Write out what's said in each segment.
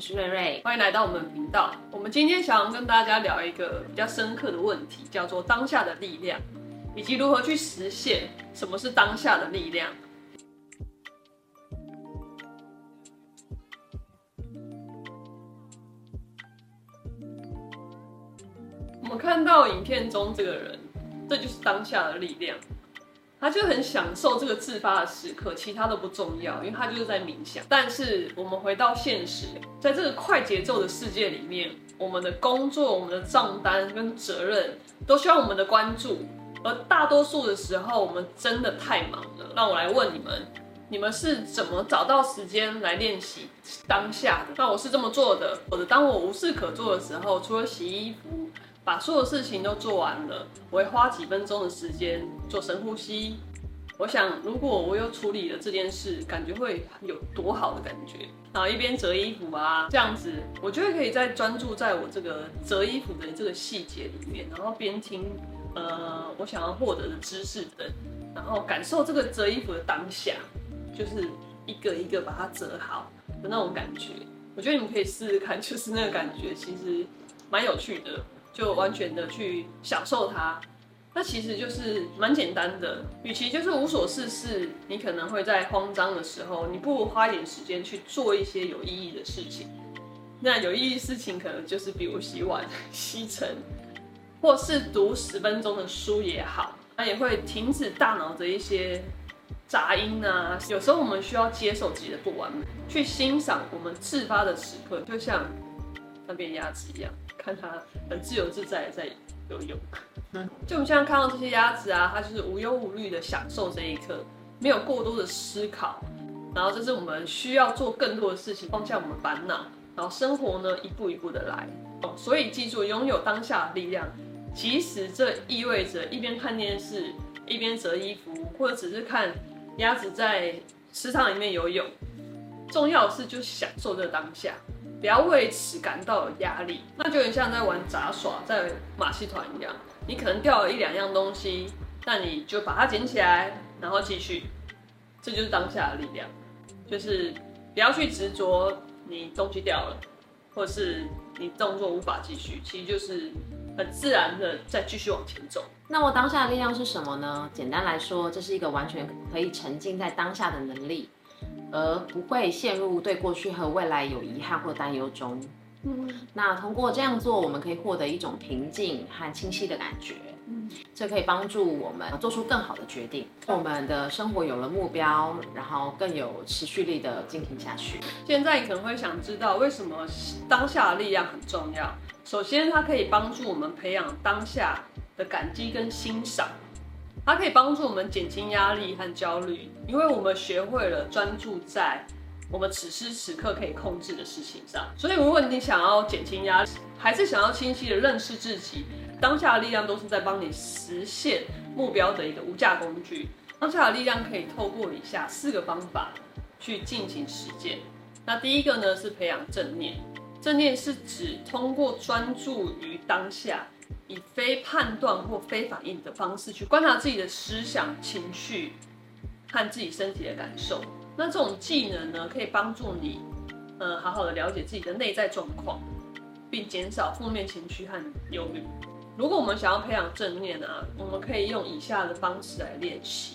徐瑞瑞，歡迎來到我們的頻道。我們今天想要跟大家聊一個比較深刻的問題，叫做“當下的力量”，以及如何去實現。什麼是當下的力量？我們看到影片中這個人，這就是當下的力量。他就很享受這個自發的時刻，其他都不重要，因為他就是在冥想。但是我們回到現實，在這個快節奏的世界裡面，我們的工作、我們的賬單跟責任都需要我們的關注，而大多數的時候，我們真的太忙了。讓我來問你們，你們是怎麼找到時間來練習當下的？那我是這麼做的，我的當我無事可做的時候，除了洗衣服。把、啊、所有事情都做完了，我會花幾分鐘的時間做深呼吸。我想，如果我又處理了這件事，感覺會有多好的感覺。然後一邊折衣服啊，這樣子，我覺得可以在專注在我這個折衣服的這個細節裡面，然後邊聽，呃，我想要獲得的知識等，然後感受這個折衣服的當下，就是一個一個把它折好的那種感覺。我覺得你們可以試試看，就是那個感覺，其實蠻有趣的。就完全的去享受它，那其實就是蠻簡單的。與其就是無所事事，你可能會在慌張的時候，你不如花一點時間去做一些有意義的事情。那有意義的事情可能就是比如洗碗、吸塵，或是讀十分鐘的書也好，那也會停止大腦的一些雜音啊。有時候我們需要接受自己的不完美，去欣賞我們自發的時刻，就像那邊鴨子一樣。看它很自由自在的在游泳，就我們現在看到這些鴨子啊，它就是無憂無慮的享受這一刻，沒有過多的思考。然後，這是我們需要做更多的事情，放下我們煩惱，然後生活呢，一步一步的來。哦，所以記住，擁有當下的力量，即使這意味着一邊看電視，一邊折衣服，或者只是看鴨子在池塘裡面游泳。重要的是就享受這當下。不要為此感到有壓力，那就很像在玩雜耍，在馬戲團一樣，你可能掉了一兩樣東西，那你就把它撿起來，然後繼續。這就是當下的力量，就是不要去執着你東西掉了，或者是你動作無法繼續，其實就是很自然的再繼續往前走。那麼當下的力量是什麼呢？簡單來說，這是一個完全可以沉浸在當下的能力。而不會陷入對過去和未來有遺憾或擔憂中。嗯、那通過這樣做，我們可以獲得一種平靜和清晰的感覺。這、嗯、可以幫助我們做出更好的決定，嗯、讓我們的生活有了目標，然後更有持續力地進行下去。現在你可能會想知道，為什麼當下的力量很重要？首先，它可以幫助我們培養當下的感激跟欣賞。它可以幫助我們減輕壓力和焦慮，因為我們學會了專注在我們此時此刻可以控制的事情上。所以，如果你想要減輕壓力，還是想要清晰地認識自己，當下的力量都是在幫你實現目標的一個無價工具。當下的力量可以透過以下四個方法去進行實踐。那第一個呢，是培養正念。正念是指通過專注於當下。以非判斷或非反應的方式去觀察自己的思想、情緒和自己身體的感受。那這種技能呢，可以幫助你，呃，好好的了解自己的內在狀況，並減少負面情緒和憂慮。如果我們想要培養正念啊，我們可以用以下的方式來練習，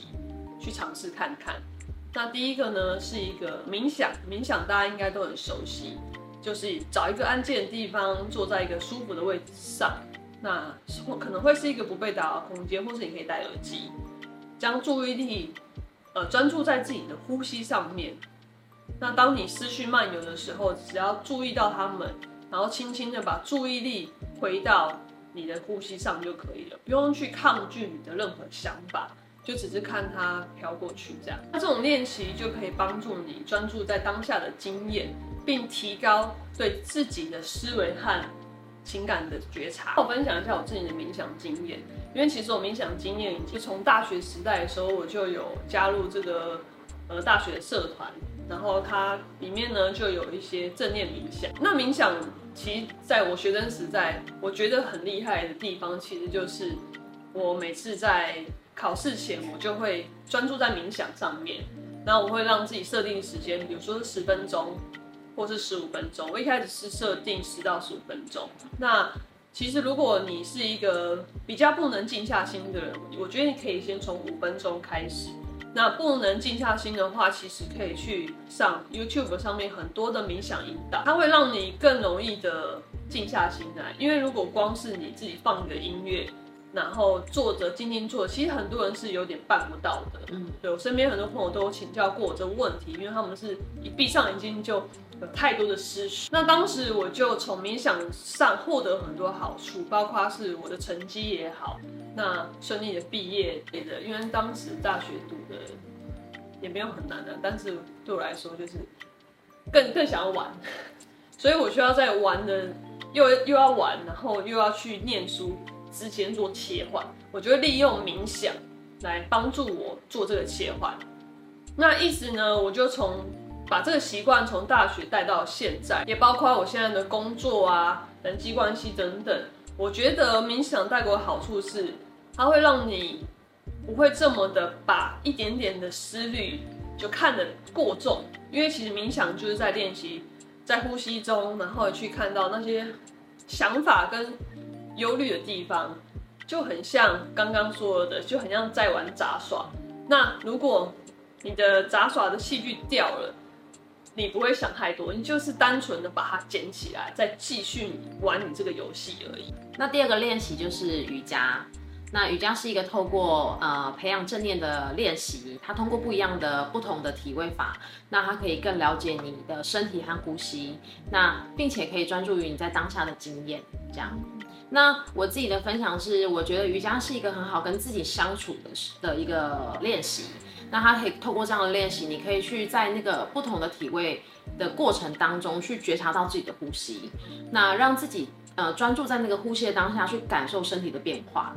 去嘗試看看。那第一個呢，是一個冥想，冥想大家應該都很熟悉，就是找一個安靜的地方，坐在一個舒服的位置上。那可能會是一個不被打擾的空間，或是你可以戴耳機，將注意力，呃，專注在自己的呼吸上面。那當你思緒漫遊的時候，只要注意到他們，然後輕輕的把注意力回到你的呼吸上就可以了，不用去抗拒你的任何想法，就只是看它飄過去這樣。那這種練習就可以幫助你專注在當下的經驗，並提高對自己的思維和。情感的覺察，我分享一下我自己的冥想經驗。因為其實我冥想經驗，已經從大學時代的時候我就有加入這個呃大學的社團，然後它裡面呢就有一些正念冥想。那冥想其實在我學生時代，我覺得很厲害的地方，其實就是我每次在考試前，我就會專注在冥想上面，然後我會讓自己設定時間，比如說是十分鐘。或是十五分鐘，我一開始是設定十到十五分鐘。那其實如果你是一個比較不能靜下心的人，我覺得你可以先從五分鐘開始。那不能靜下心的話，其實可以去上 YouTube 上面很多的冥想引導，它會讓你更容易的靜下心來。因為如果光是你自己放一個音樂，然後坐着靜靜坐，其實很多人是有點辦不到的。嗯，對我身邊很多朋友都請教過我這個問題，因為他們是一閉上眼睛就有太多的思緒。那當時我就從冥想上獲得很多好處，包括是我的成績也好，那順利的畢業也的，因為當時大學讀的也沒有很難的、啊，但是對我來說就是更更想要玩， 所以我需要在玩的又又要玩，然後又要去念書。之間做切換，我覺得利用冥想來幫助我做這個切換。那一直呢，我就從把這個習慣從大學帶到現在，也包括我現在的工作啊、人際關係等等。我覺得冥想帶給我好處是，它會讓你不會這麼的把一點點的思慮就看得過重，因為其實冥想就是在練習在呼吸中，然後去看到那些想法跟。憂慮的地方，就很像剛剛說的，就很像在玩雜耍。那如果你的雜耍的器具掉了，你不會想太多，你就是單純的把它撿起來，再繼續玩你這個遊戲而已。那第二個練習就是瑜伽。那瑜伽是一個透過呃培養正念的練習，它通過不一樣的、不同的體位法，那它可以更了解你的身體和呼吸，那並且可以專注於你在當下的經驗。這樣，那我自己的分享是，我覺得瑜伽是一個很好跟自己相處的的一個練習。那它可以透過這樣的練習，你可以去在那個不同的體位的過程當中去覺察到自己的呼吸，那讓自己呃專注在那個呼吸的當下去感受身體的變化。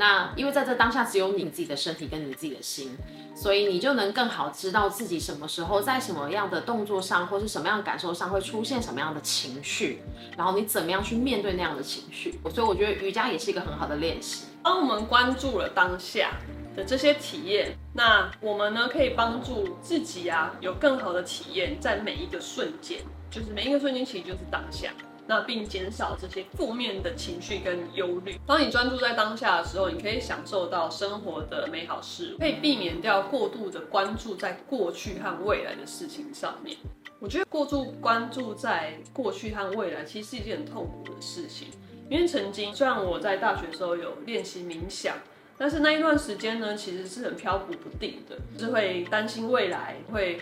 那因為在這當下，只有你自己的身體跟你自己的心，所以你就能更好知道自己什麼時候在什麼樣的動作上，或是什麼樣的感受上會出現什麼樣的情緒，然後你怎麼樣去面對那樣的情緒。所以我覺得瑜伽也是一個很好的練習。當我們關注了當下的這些體驗，那我們呢可以幫助自己啊，有更好的體驗在每一個瞬間，就是每一個瞬間其實就是當下。那並減少這些負面的情緒跟憂慮。當你專注在當下的時候，你可以享受到生活的美好事物，可以避免掉過度的關注在過去和未來的事情上面。我覺得過度關注在過去和未來，其實是一件很痛苦的事情。因為曾經，雖然我在大學時候有練習冥想，但是那一段時間呢，其實是很漂浮不定的，就是會擔心未來會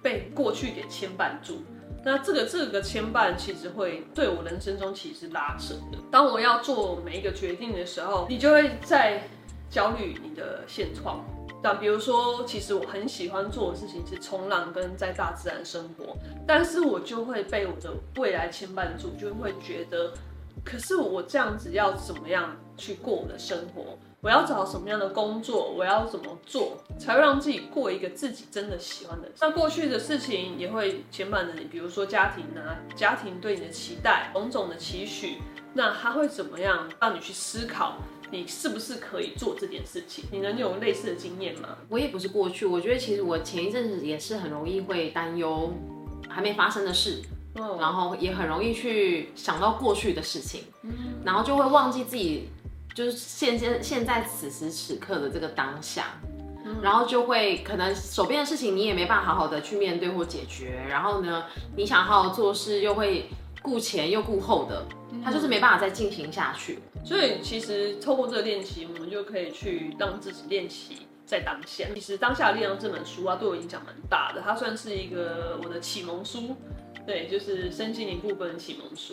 被過去給牽絆住。那這個這個牽絆其實會對我人生中其實是拉扯的。當我要做每一個決定的時候，你就會在焦慮你的現狀。那比如說，其實我很喜歡做的事情是衝浪跟在大自然生活，但是我就會被我的未來牽絆住，就會覺得，可是我這樣子要怎麼樣去過我的生活？我要找什麼樣的工作？我要怎麼做才會讓自己過一個自己真的喜歡的？那過去的事情也會牽絆着你，比如說家庭啊，家庭對你的期待，種種的期許，那它會怎麼樣讓你去思考，你是不是可以做這件事情？你能有類似的經驗嗎？我也不是過去，我覺得其實我前一陣子也是很容易會擔憂還沒發生的事，oh. 然後也很容易去想到過去的事情，然後就會忘記自己。就是現在現在此時此刻的這個當下，嗯、然後就會可能手邊的事情你也沒辦法好好的去面對或解決，然後呢，你想好好做事又會顧前又顧後的，他、嗯、就是沒辦法再進行下去。所以其實透過這個練習，我們就可以去讓自己練習在當下。其實當下力量這本書啊，對我影響蠻大的，它算是一個我的啟蒙書，對，就是身心靈部分的啟蒙書。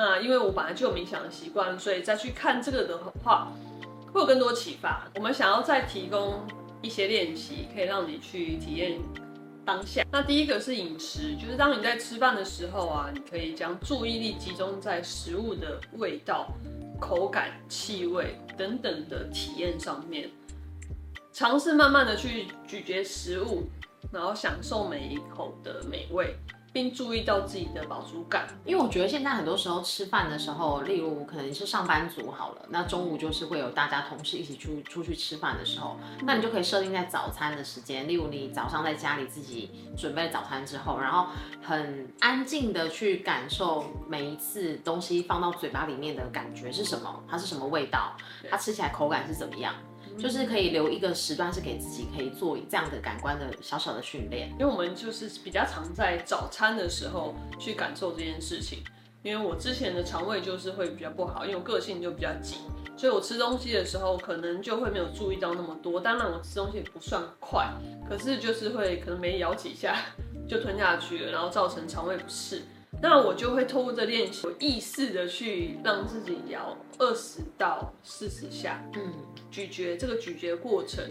那因為我本來就有冥想的習慣，所以再去看這個的話，會有更多啟發。我們想要再提供一些練習，可以讓你去體驗當下。那第一個是飲食，就是當你在吃飯的時候啊，你可以將注意力集中在食物的味道、口感、氣味等等的體驗上面，嘗試慢慢的去咀嚼食物，然後享受每一口的美味。並注意到自己的飽足感，因為我覺得現在很多時候吃飯的時候，例如可能是上班族好了，那中午就是會有大家同事一起出出去吃飯的時候，那你就可以設定在早餐的時間，例如你早上在家裡自己準備早餐之後，然後很安靜的去感受每一次東西放到嘴巴裡面的感覺是什麼，它是什麼味道，它吃起來口感是怎麼樣。就是可以留一個時段是給自己可以做這樣的感官的小小的訓練，因為我們就是比較常在早餐的時候去感受這件事情。因為我之前的腸胃就是會比較不好，因為我個性就比較急，所以我吃東西的時候可能就會沒有注意到那麼多。當然我吃東西也不算快，可是就是會可能沒咬幾下就吞下去了，然後造成腸胃不適。那我就會透過這練習，有意識的去讓自己搖二十到四十下，嗯，咀嚼這個咀嚼的過程。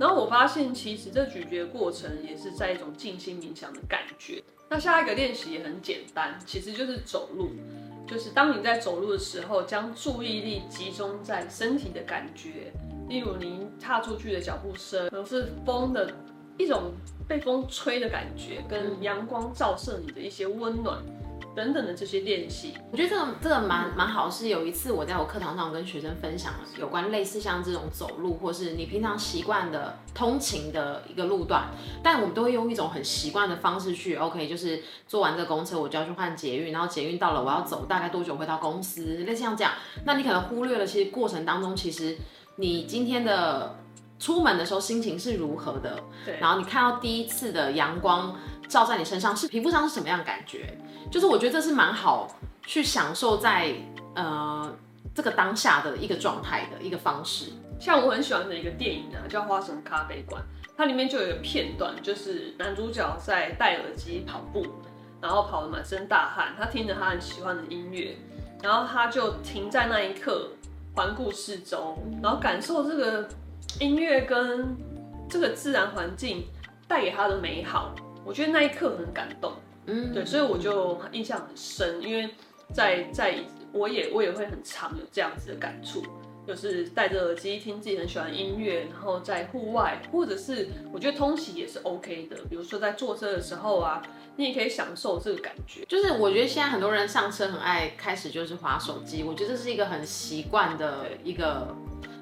然後我發現，其實這咀嚼的過程也是在一種靜心冥想的感覺。那下一個練習也很簡單，其實就是走路，就是當你在走路的時候，將注意力集中在身體的感覺，例如你踏出去的腳步聲，可能是風的一種被風吹的感覺，跟陽光照射你的一些溫暖。嗯等等的這些練習，我覺得這個這個蠻蠻好。是有一次我在我課堂上跟學生分享有關類似像這種走路，或是你平常習慣的通勤的一個路段，但我們都會用一種很習慣的方式去。OK，就是坐完這個公車我就要去換捷運，然後捷運到了我要走大概多久回到公司？類似像這樣，那你可能忽略了其實過程當中，其實你今天的出門的時候心情是如何的？對，然後你看到第一次的陽光。照在你身上、是皮膚上是什麼樣的感覺？就是我覺得這是蠻好去享受在呃這個當下的一個狀態的一個方式。像我很喜歡的一個電影呢，啊，叫《花神咖啡館》，它裡面就有一個片段，就是男主角在戴耳機跑步，然後跑得滿身大汗，他聽着他很喜歡的音樂，然後他就停在那一刻，環顧四周，然後感受這個音樂跟這個自然環境帶給他的美好。我覺得那一刻很感動，嗯，對，所以我就印象很深，因為在在我也我也會很常有這樣子的感觸，就是戴着耳機聽自己很喜歡音樂，然後在戶外，或者是我覺得通勤也是 OK 的，比如說在坐車的時候啊，你也可以享受這個感覺。就是我覺得現在很多人上車很愛開始就是滑手機，我覺得這是一個很習慣的一個。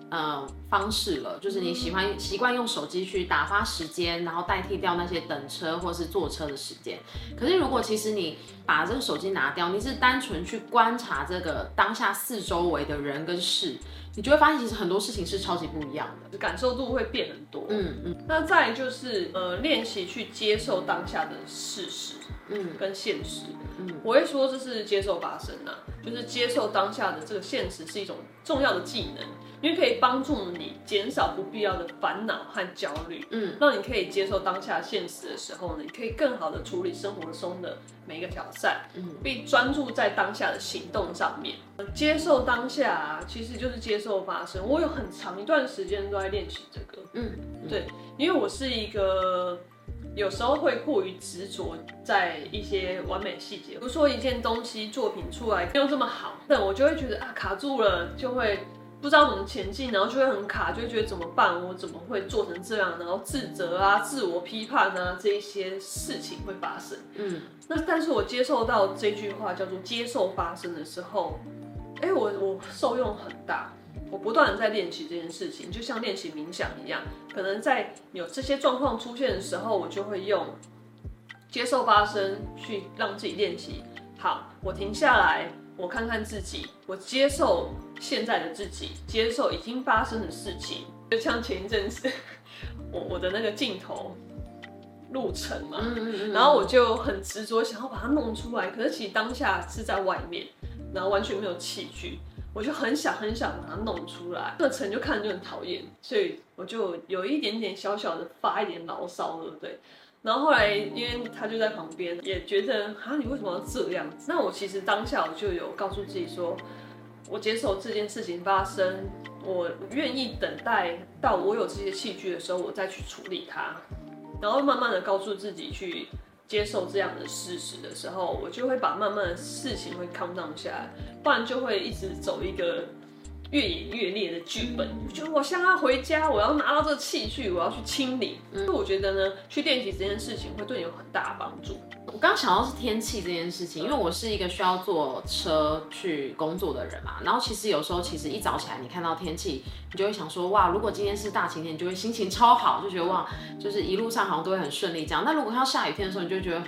呃、嗯，方式了，就是你喜歡習慣用手機去打發時間，然後代替掉那些等車或是坐車的時間。可是如果其實你把這個手機拿掉，你是單純去觀察這個當下四周圍的人跟事，你就會發現其實很多事情是超級不一樣的，感受度會變很多。嗯嗯。嗯，那再來就是呃，練習去接受當下的事實，嗯，跟現實。嗯，嗯我會說這是接受發生的、啊，就是接受當下的這個現實是一種重要的技能。因為可以幫助你減少不必要的煩惱和焦慮，嗯，讓你可以接受當下現實的時候呢，你可以更好的處理生活中的每一個挑戰，嗯，並專注在當下的行動上面。嗯，接受當下啊，其實就是接受發生。我有很長一段時間都在練習這個，嗯，對，因為我是一個有時候會過於執着在一些完美細節，比如說一件東西作品出來沒有這麼好，那我就會覺得啊，卡住了，就會。不知道怎麼前進，然後就會很卡，就會覺得怎麼辦？我怎麼會做成這樣？然後自責啊，自我批判啊，這一些事情會發生。嗯，那但是我接受到這句話叫做“接受發生”的時候，哎、欸，我我受用很大。我不斷的在練習這件事情，就像練習冥想一樣。可能在有這些狀況出現的時候，我就會用“接受發生”去讓自己練習。好，我停下來，我看看自己，我接受。現在的自己，接受已經發生的事情，就像前一陣子我我的那個鏡頭路程嘛，嗯嗯嗯，然後我就很執着想要把它弄出來，可是其實當下是在外面，然後完全沒有器具，我就很想很想把它弄出來，這、那個，程就看着就很討厭，所以我就有一點點小小的發一點牢騷，對不對？然後後來因為他就在旁邊，也覺得啊，你為什麼要這樣子？那我其實當下我就有告訴自己說。我接受這件事情發生，我願意等待到我有這些器具的時候，我再去處理它，然後慢慢的告訴自己去接受這樣的事實的時候，我就會把慢慢的事情會 calm down 下來，不然就會一直走一個。越演越烈的劇本，我想要回家，我要拿到這個器具，我要去清理。所以、嗯、我覺得呢，去練習這件事情會對你有很大幫助。我剛想到是天氣這件事情，因為我是一個需要坐車去工作的人嘛。然後其實有時候其實一早起來，你看到天氣，你就會想說，哇，如果今天是大晴天，你就會心情超好，就覺得哇，就是一路上好像都會很順利這樣。那如果要下雨天的時候，你就覺得。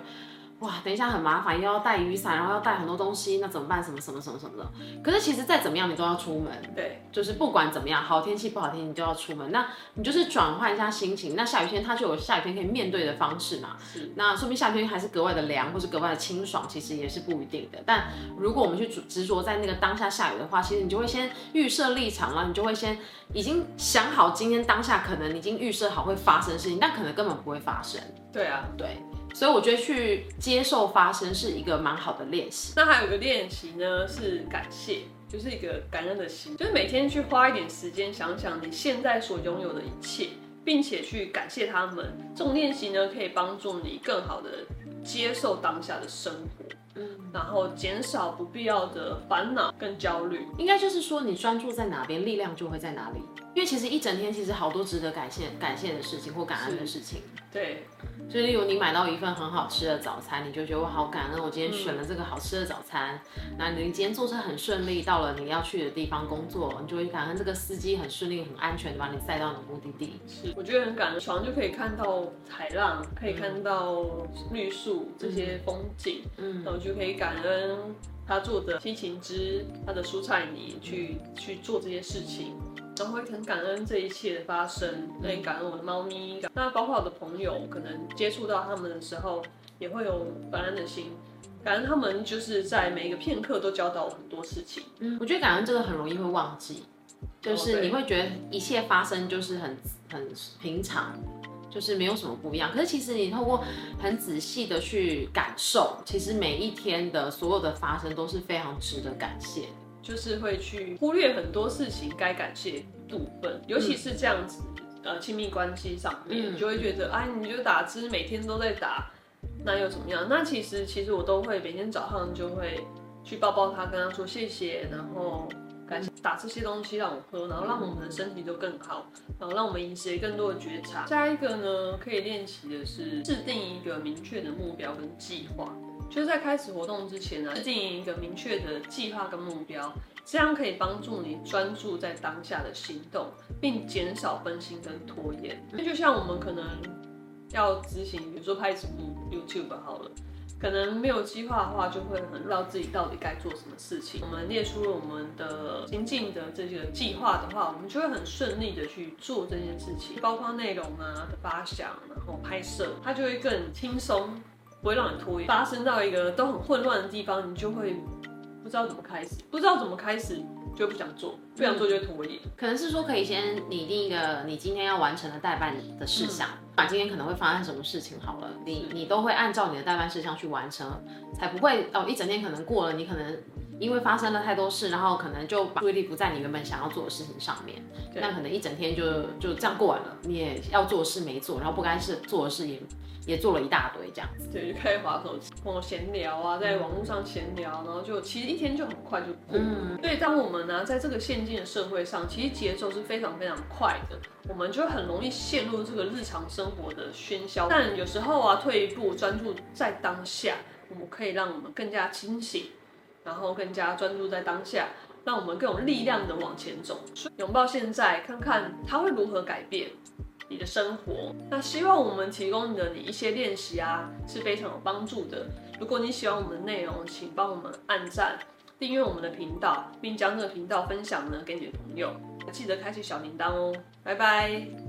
哇，等一下很麻煩，又要帶雨傘，然後要帶很多東西，那怎麼辦？什麼什麼什麼什麼的？可是其實再怎麼樣你都要出門，對，就是不管怎麼樣，好天氣不好天氣你都要出門。那你就是轉換一下心情，那下雨天它就有下雨天可以面對的方式嘛。是那說明下雨天還是格外的涼，或是格外的清爽，其實也是不一定的。但如果我們去執執着在那個當下下雨的話，其實你就會先預設立場了，你就會先已經想好今天當下可能已經預設好會發生的事情，但可能根本不會發生。對啊，對。所以我覺得去接受發生是一個蠻好的練習。那還有一個練習呢，是感謝，就是一個感恩的心，就是每天去花一點時間想想你現在所擁有的一切，並且去感謝他們。這種練習呢，可以幫助你更好的接受當下的生活，嗯，然後減少不必要的煩惱跟焦慮。應該就是說，你專注在哪邊，力量就會在哪裡。因為其實一整天其實好多值得感謝感謝的事情或感恩的事情，是對。所以例如你買到一份很好吃的早餐，你就覺得我好感恩，我今天選了這個好吃的早餐。那、嗯、你今天坐車很順利，到了你要去的地方工作，你就會感恩這個司機很順利、很安全，把你塞到你的目的地。是，我覺得很感恩。床就可以看到海浪，可以看到綠樹這些風景，嗯，那、嗯、我就可以感恩。嗯他做的西芹汁，他的蔬菜泥去，去、嗯、去做這些事情，然後會很感恩這一切的發生，很、嗯、感恩我的貓咪。那包括我的朋友，可能接觸到他們的時候，也會有感恩的心，感恩他們就是在每一個片刻都教導我很多事情。我覺得感恩真的很容易會忘記，就是你會覺得一切發生就是很很平常。就是沒有什麼不一樣，可是其實你透過很仔細的去感受，其實每一天的所有的發生都是非常值得感謝。就是會去忽略很多事情該感謝的部分，尤其是這樣子，嗯、呃，親密關係上面，你就會覺得哎、嗯，你就打支，每天都在打，那又怎麼樣？那其實，其實我都會每天早上就會去抱抱他，跟他說謝謝，然後。打這些東西讓我喝，然後讓我們的身體都更好，然後讓我們飲食更多的覺察。下一個呢，可以練習的是制定一個明確的目標跟計劃，就是在開始活動之前呢、啊，制定一個明確的計劃跟目標，這樣可以幫助你專注在當下的行動，並減少分心跟拖延。那、嗯、就像我們可能要執行，比如說拍一次 YouTube 好了。可能沒有計劃的話，就會很不知道自己到底該做什麼事情。我們列出了我們的行進的這個計劃的話，我們就會很順利的去做這件事情，包括內容啊的發想，然後拍攝，它就會更輕鬆，不會讓你拖延。發生到一個都很混亂的地方，你就會不知道怎麼開始，不知道怎麼開始。就不想做，不想做就會拖延。可能是說，可以先擬定一個你今天要完成的代辦的事項，不管、嗯、今天可能會發生什麼事情，好了，是你你都會按照你的代辦事項去完成，才不會哦，一整天可能過了，你可能。因為發生了太多事，然後可能就注意力不在你原本想要做的事情上面，那對可能一整天就就這樣過完了，你也要做的事沒做，然後不該是做的事也也做了一大堆，這樣對，就開始滑手機，然後閒聊啊，在網絡上閒聊，嗯、然後就其實一天就很快就過，嗯，所以當我們呢、啊，在這個現今的社會上，其實節奏是非常非常快的，我們就很容易陷入這個日常生活的喧囂，但有時候啊，退一步，專注在當下，我們可以讓我們更加清醒。然後更加專注在當下，讓我們更有力量的往前走，擁抱現在，看看它會如何改變你的生活。那希望我們提供的你一些練習啊，是非常有幫助的。如果你喜歡我們的內容，請幫我們按讚、訂閱我們的頻道，並將這個頻道分享呢給你的朋友，記得開啟小鈴鐺哦。拜拜。